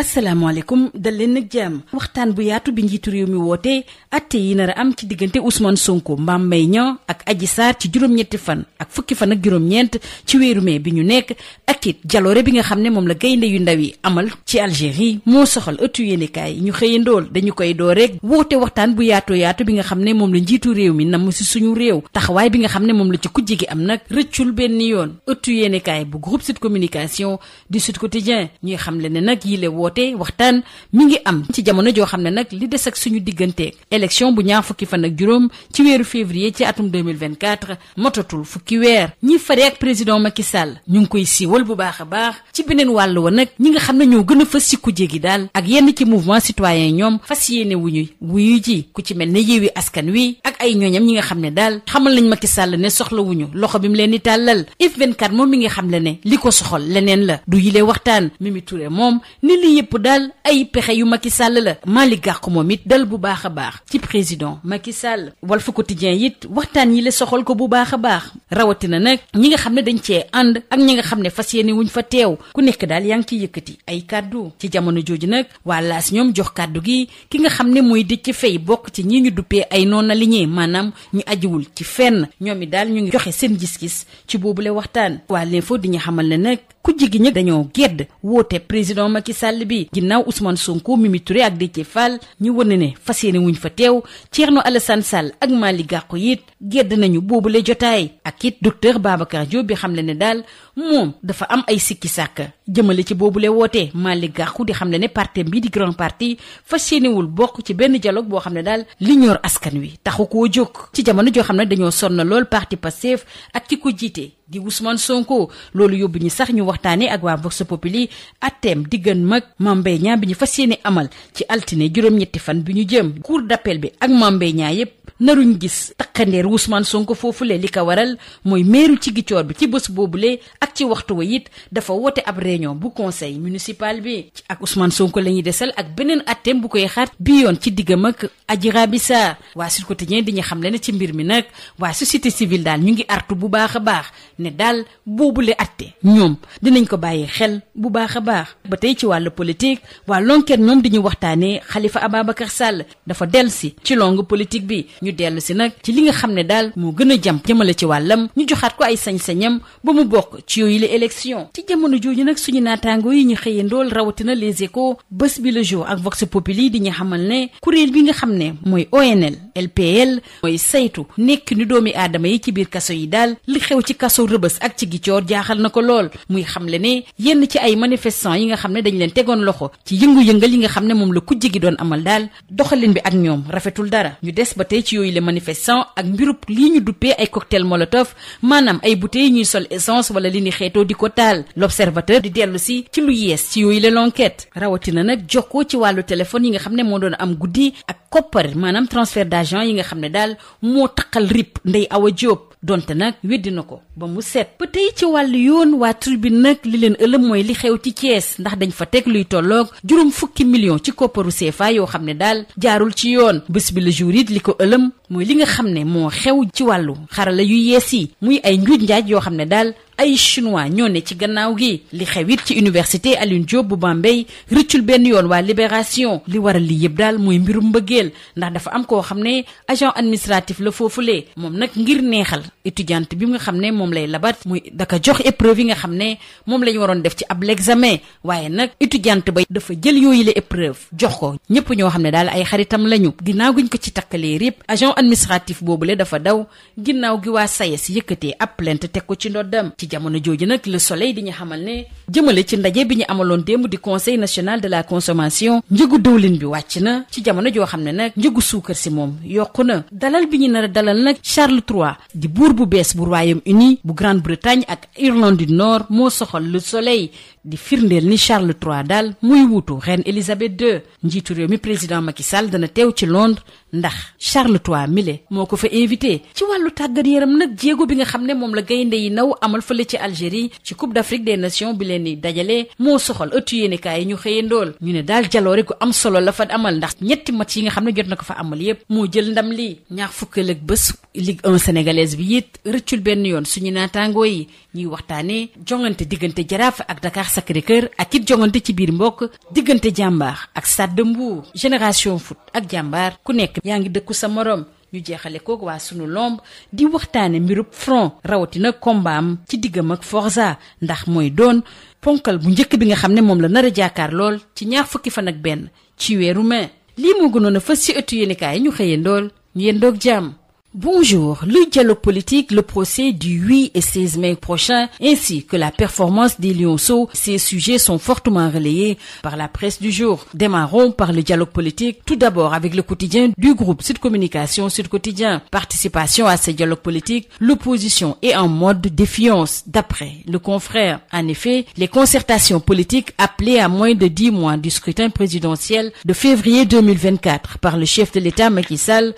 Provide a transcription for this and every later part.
asalaamaaleykum dal leen nag jàmm waxtaan bu yaatu bi njiitu réew mi woote atte yi nar am ci diggante Ousmane Sonko Mame Mbaye Niang ak Adji Sarr ci juróom-ñetti fan ak fukki fan ak juróom-ñeent ci weeru mais bi ñu nekk ak it jaloore bi nga xam ne moom la gaynde yu ndaw yi amal ci Algérie moo soxal ëttu yéenekaay ñu xëyandool dañu koy door woote waxtaan bu yaatoo yaatu bi nga xam ne moom la njiitu réew mi namm si suñu réew taxawaay bi nga xam ne moom la ci kujje gi am nag rëccul benn yoon ëttu yéenekaay bu groupe sut Communication du Sud Quotidien ñuy xam le nag yile woote woote waxtaan mu ngi am ci jamono joo xam ne nag li des ak suñu diggante election bu ñaar fukki fan ak juróom ci weeru février ci atum 2024 motatul fukki weer ñi fare président Macky Sall ñu ngi koy siiwal bu baax a baax ci beneen wàll wa nag ñi nga xam ne ñoo gën a fës si gi daal ak yenn ci mouvement citoyen ñoom fas yéene wuñu wuyu ji ku ci mel ne Yewwi Askan Wi ak ay ñooñam ñi nga xam ne daal xamal nañ Macky Sall ne soxla loxo bi mu leen di tàllal F24 moom mi nga xam le ne li ko soxal leneen la du yile waxtaan mi Touré moom ni li yëpp daal ay pexe yu Macky Sall la maali Gakou moom it dal bu baax a baax ci président Macky Sall Walf Quotidien it waxtaan yi la soxal ko bu baax a baax rawatina nag ñi nga xam ne dañ cee ànd ak ñi nga xam ne fas yéene wuñ fa teew ku nekk daal yaa ngi ciy yëkkati ay kàddu ci jamono jooju nag waa laas ñoom jox kàddu gi ki nga xam ne mooy di dëcc fay bokk ci ñi ñu duppee ay noon na li ñee maanaam ñu ajiwul ci fenn ñoom it daal ñu ngi joxe seen gis-gis ci boobule waxtaan waa l'info ku jigi ñi dañoo gedd woote président Macky sàll bi ginnaaw Ousmane Sonko Mimi Touré ak Déthié Fall ñu wane ne fas yéene wuñ fa teew Thierno Alassane Sall ak Malick Gakou yit gedd nañu boobule jotaay ak it docteur Babacar Diop bi xamle ne daal moom dafa am ay sikki sàkk jëmale ci boobu boobule wootee Malick Gakou di xam ne ne parti bii di grand parti fas yéenewul bokk ci benn dialogue boo xam ne daal li ñor askan wi taxu koo jóg ci jamono joo xam ne dañoo sonn lool parti Pastef ak ki ko jiite di Ousmane Sonko loolu yóbbu ñu sax ñu waxtaanee ak waa Vox Populi atteem diggan mag Mambey Niang bi ñu fas yéene amal ci altine juróom-ñetti fan bi ñu jëm cour d'appel bi ak Mambey Niang yépp naruñ gis takkandeer Ousmane Sonko foofule li ko waral mooy meeru ci Ziguinchor bi ci boobu boobule ak ci waxtu wa it dafa woote ab réunion bu conseil municipal bi ak Ousmane Sonko la ñuy desal ak beneen atteem bu koy xaar bi yoon ci a ak Adji Raby Sarr waa Sud Quotidien di ñu xamle ne ci mbir mi nag waa société civile daal ñu ngi artu bu baax a baax ne daal boobu boobule atte ñoom dinañ ko bàyyi xel bu baax a baax ba tey ci wàll politique waa Lonkeer ñoom di ñu waxtaanee Khalifa Ababacar Sall dafa dellu ñu dellu si nag ci li nga xam ne daal moo gën a jam jëmale ci wàllam ñu joxaat ko ay sañ-sañam ba mu bokk ci yooyu la élection ci jamono jooju nag suñu naataango yi ñu xëyee ndool rawatina les échos bés bi le jour ak vox populi di ñu xamal ne kuréel bi nga xam ne mooy ONL LPL saytu nekk ni doomi aadama yi ci biir kaso yi daal li xew ci kaso rëbës ak ci gicoor jaaxal na ko lool muy xamle ne yenn ci ay manifestants yi nga xam ne dañ leen tegoon loxo ci yëngu yi nga xam ne moom la kujje gi doon amal daal doxalin bi ak ñoom rafetul dara ñu des ba tey ci yooyu les manifestants ak mbirub lii ñu duppee ay cocktail molotov maanaam ay bouteilles ñuy sol essence wala li ni xeetoo di ko taal l'observateur di dellu si ci lu yees ci yooyu la l'enquête rawatina nag jox ko ci wàllu téléphone yi nga xam ne moo doon am guddi ak koppar maanaam transfert d'argent yi nga xam ne daal moo taqal rip Ndeye a Diop donte nag weddi na ko ba mu set ba tey ci wàll yoon waa tribune nag li leen ëlëm mooy li xew ci Thiès ndax dañ fa teg luy tolloog juróom fukki million ci kopparu CFA yoo xam ne daal jaarul ci yoon bés bi la jour it li ko ëlëm mooy li nga xam ne moo xew ci wàllu xarala yu yees yi muy ay njuuj njaaj yoo xam ne daal ay chinois ñoo ne ci gannaaw gi li xew it ci université Alioune Diop bu Bambey rëccul benn yoon waa Libération li waral li yëpp daal mooy mbirum mbëggeel ndax dafa am koo xam ne agent administratif la foofu foofulee moom nag ngir neexal étudiante bi nga xam ne moom lay labat mooy daka jox épreuve yi nga xam ne moom la ñu waroon def ci ab l'examen waaye nag étudiante ba dafa jël yooyu la épreuve jox ko ñëpp ñoo xam ne daal ay xaritam lañu ginnaaw guñ ko ci takkalee rip administratif boobule dafa daw ginnaaw gi waa SAES e yëkkatee ab plainte teg ko ci ndoddam ci jamono jooju nag le soleil di ñu xamal ne jëmale ci ndaje bi ñu amaloon démb di conseil national de la consommation njëgu dëwlin bi wàcc na ci jamono joo xam ne nag njëgu suukar si moom yokku na dalal bi ñu nar a dalal nag Charles III di buur bu bees bu Royaume-Uni bu Grande-Bretagne ak Irlande du Nord moo soxal le soleil di firndeel ni Charles III daal muy wuutu reine Elisabeth II njiitu réew mi président Macky Sall dana teew ci Londres mile moo ko fa invité ci wàllu tàggat yaram nag jéego bi nga xam ne moom la gaynde yi naw amal fa le ci Algérie ci coup d'Afrique des Nations bi leen di dajale moo soxal ëttu yéenekaay yi ñu xëyee ndool ñu ne daal jaloore gu am solo la fa amal ndax ñetti match yi nga xam ne jot na ko fa amal yépp moo jël ndam li ñaax fukkeel ak bés Ligue 1 sénégalaise bi it rëccul benn yoon suñu naataangoo yi ñuy waxtaane jongante diggante Jaraaf ak Dakar sacré ak it jongante ci biir mbokk diggante jàmbaar ak Stade de Génération Foot ak jàmbaar ku nekk yaa ngi dëkku sa morom ñu jeexale koog waa sunu lomb di waxtaane mbirub front rawatina kombaam ci diggam ak Forza ndax mooy doon ponkal bu njëkk bi nga xam ne moom la nar a jaakaar lool ci ñaar fukki fan ak benn ci weeru mai lii moo gënoon a fës ci ëttu yéenekaay yi ñu xëyee ndool ñu yéen doog jàmm Bonjour. Le dialogue politique, le procès du 8 et 16 mai prochain, ainsi que la performance des Lionceaux, ces sujets sont fortement relayés par la presse du jour. Démarrons par le dialogue politique, tout d'abord avec le quotidien du groupe Sud Communication Sud Quotidien. Participation à ce dialogue politique, l'opposition est en mode défiance, d'après le confrère. En effet, les concertations politiques appelées à moins de dix mois du scrutin présidentiel d février 2024 par le chef de l'État Macky Sall,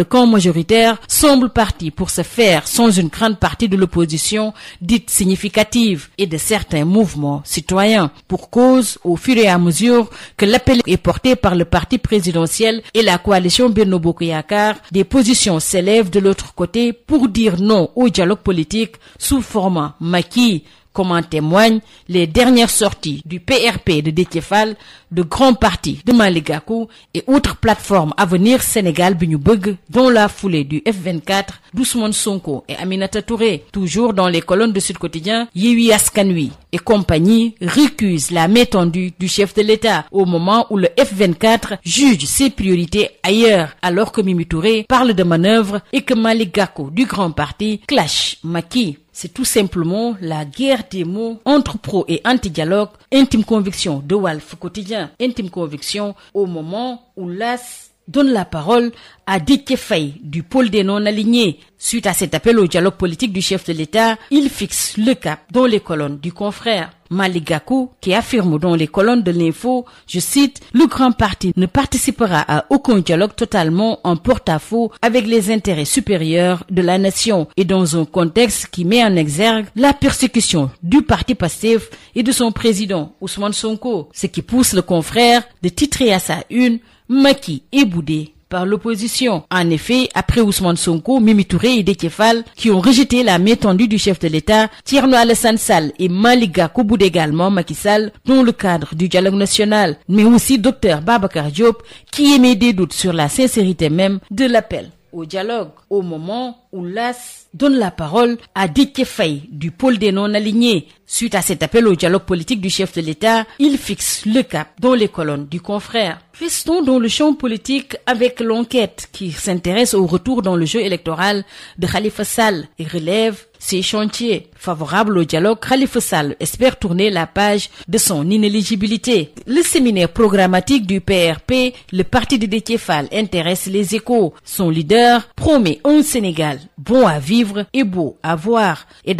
le camp majoritaire semble parti pour se faire sans une grande partie de l'opposition dite significative et de certains mouvements citoyens pour cause au fur et à mesure que l'appel est porté par le parti présidentiel et la coalition Benno Bokk Yakaar des positions s'élèvent de l'autre côté pour dire non au dialogue politique sous format maquis comme en témoignent les dernières sorties du PRP de Déthié Fall de grands de Malick Gakou et autres plateformes Avenir Sénégal bi ñu bëgg dont la foulée du F24 d'Ousmane Sonko et Aminata Touré toujours dans les colonnes de Sud Quotidien Yewwi Askan Wi et compagnie récuse la main tendue du chef de l'État au moment où le F24 juge ses priorités ailleurs alors que Mimi Touré parle de manœuvre et que Malick Gakou du grand parti clache Macky C'est tout simplement la guerre des mots entre pro et anti-dialogue, intime conviction de Walf quotidien, intime conviction au moment où l'AS donne la parole à Dike Faye du pôle des non-alignés. Suite à cet appel au dialogue politique du chef de l'État, il fixe le cap dans les colonnes du confrère. Maligaku, qui affirme dans les colonnes de l'info, je cite, le grand parti ne participera à aucun dialogue totalement en porte-à-faux avec les intérêts supérieurs de la nation et dans un contexte qui met en exergue la persécution du parti passif et de son président Ousmane Sonko, ce qui pousse le confrère de titrer à sa Maki est boudé par l'opposition. En effet, après Ousmane Sonko, Mimi Touré et Dekefal, qui ont rejeté la main tendue du chef de l'État, Tierno Alassane Sall et Maliga Koboud également Macky le cadre du dialogue national, mais aussi docteur Babacar Diop, qui émet des doutes sur la sincérité même de l'appel au dialogue au moment où l'AS donne la parole à Déthié Faye du pôle des non-alignés Suite à cet appel au dialogue politique du chef de l'État, il fixe le cap dans les colonnes du confrère. Restons dans le champ politique avec l'enquête qui s'intéresse au retour dans le jeu électoral de Khalifa Sall et relève ses chantiers. Favorable au dialogue, Khalifa Sall espère tourner la page de son inéligibilité. Le séminaire programmatique du PRP, le parti de Déthié Fall, intéresse les échos. Son leader promet un Sénégal bon à vivre et beau à voir. Et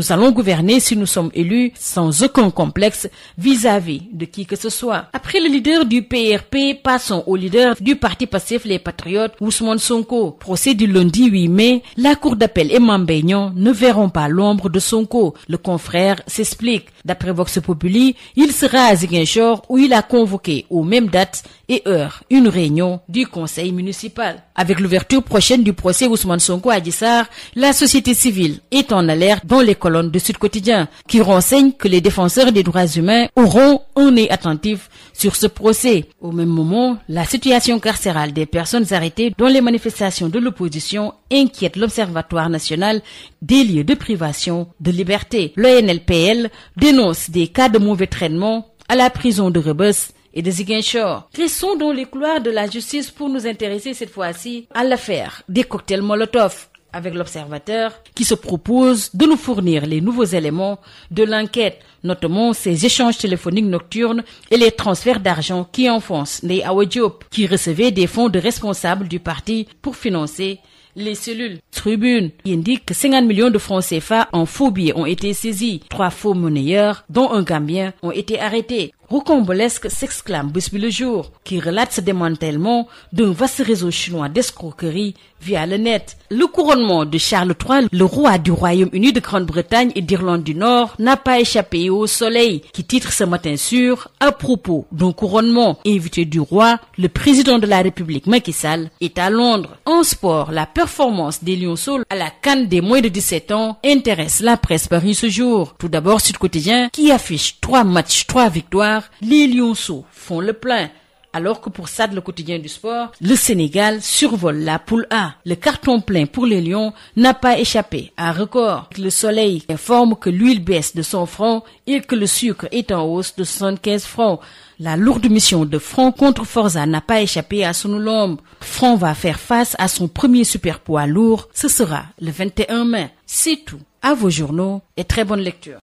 Nous allons gouverner si nous sommes élus sans aucun complexe vis-à-vis de qui que ce soit. Après le leader du PRP, passons au leader du parti passif Les Patriotes, Ousmane Sonko. Procès du lundi 8 mai, la cour d'appel et Mambégnon ne verront pas l'ombre de Sonko. Le confrère s'explique. D'après Vox Populi, il sera à Ziguinchor où il a convoqué aux mêmes dates et heures une réunion du conseil municipal. Avec l'ouverture prochaine du procès Ousmane Sonko à Adji Sarr, la société civile est en alerte dans les colonnes de Sud Quotidien qui renseigne que les défenseurs des droits humains auront un nez attentif sur ce procès. Au même moment, la situation carcérale des personnes arrêtées dans les manifestations de l'opposition inquiète l'Observatoire national des lieux de privation de liberté. L'ONLPL dénonce des cas de mauvais traitement à la prison de Rebeuss et de Ziguinchor. Restons dans les couloirs de la justice pour nous intéresser cette fois-ci à l'affaire des cocktails Molotov. avec l'Observateur qui se propose de nous fournir les nouveaux éléments de l'enquête, notamment ces échanges téléphoniques nocturnes et les transferts d'argent qui enfoncent Ndeye Awa qui recevait des fonds de responsables du parti pour financer les cellules Tribune qui indique que 50 millions de francs CFA en faux ont été saisis. Trois faux monnayeurs, dont un Gambien, ont été arrêtés. rocambolesque s'exclame Busby le Jour, qui relate ce démantèlement d'un vaste réseau chinois d'escroquerie via le Le couronnement de Charles III, le roi du Royaume-Uni de Grande-Bretagne et d'Irlande du Nord, n'a pas échappé au soleil, qui titre ce matin sur à propos d'un couronnement invité du roi, le président de la République Macky Sall est à Londres. En sport, la performance des Lionceaux à la Cannes des moins de 17 ans intéresse la presse victoire, les Lyonceaux font le plein. Alors que pour Sad, le quotidien du sport, le Sénégal survole la poule A. Le carton plein pour les Lions n'a pas échappé à un Le soleil informe que l'huile baisse de 100 francs et que le sucre est en hausse de 75 francs. La lourde mission de Franc contre Forza n'a pas échappé à son olombe. Franc va faire face à son premier super lourd. Ce sera le mai. C'est tout. À vos journaux et très bonne lecture.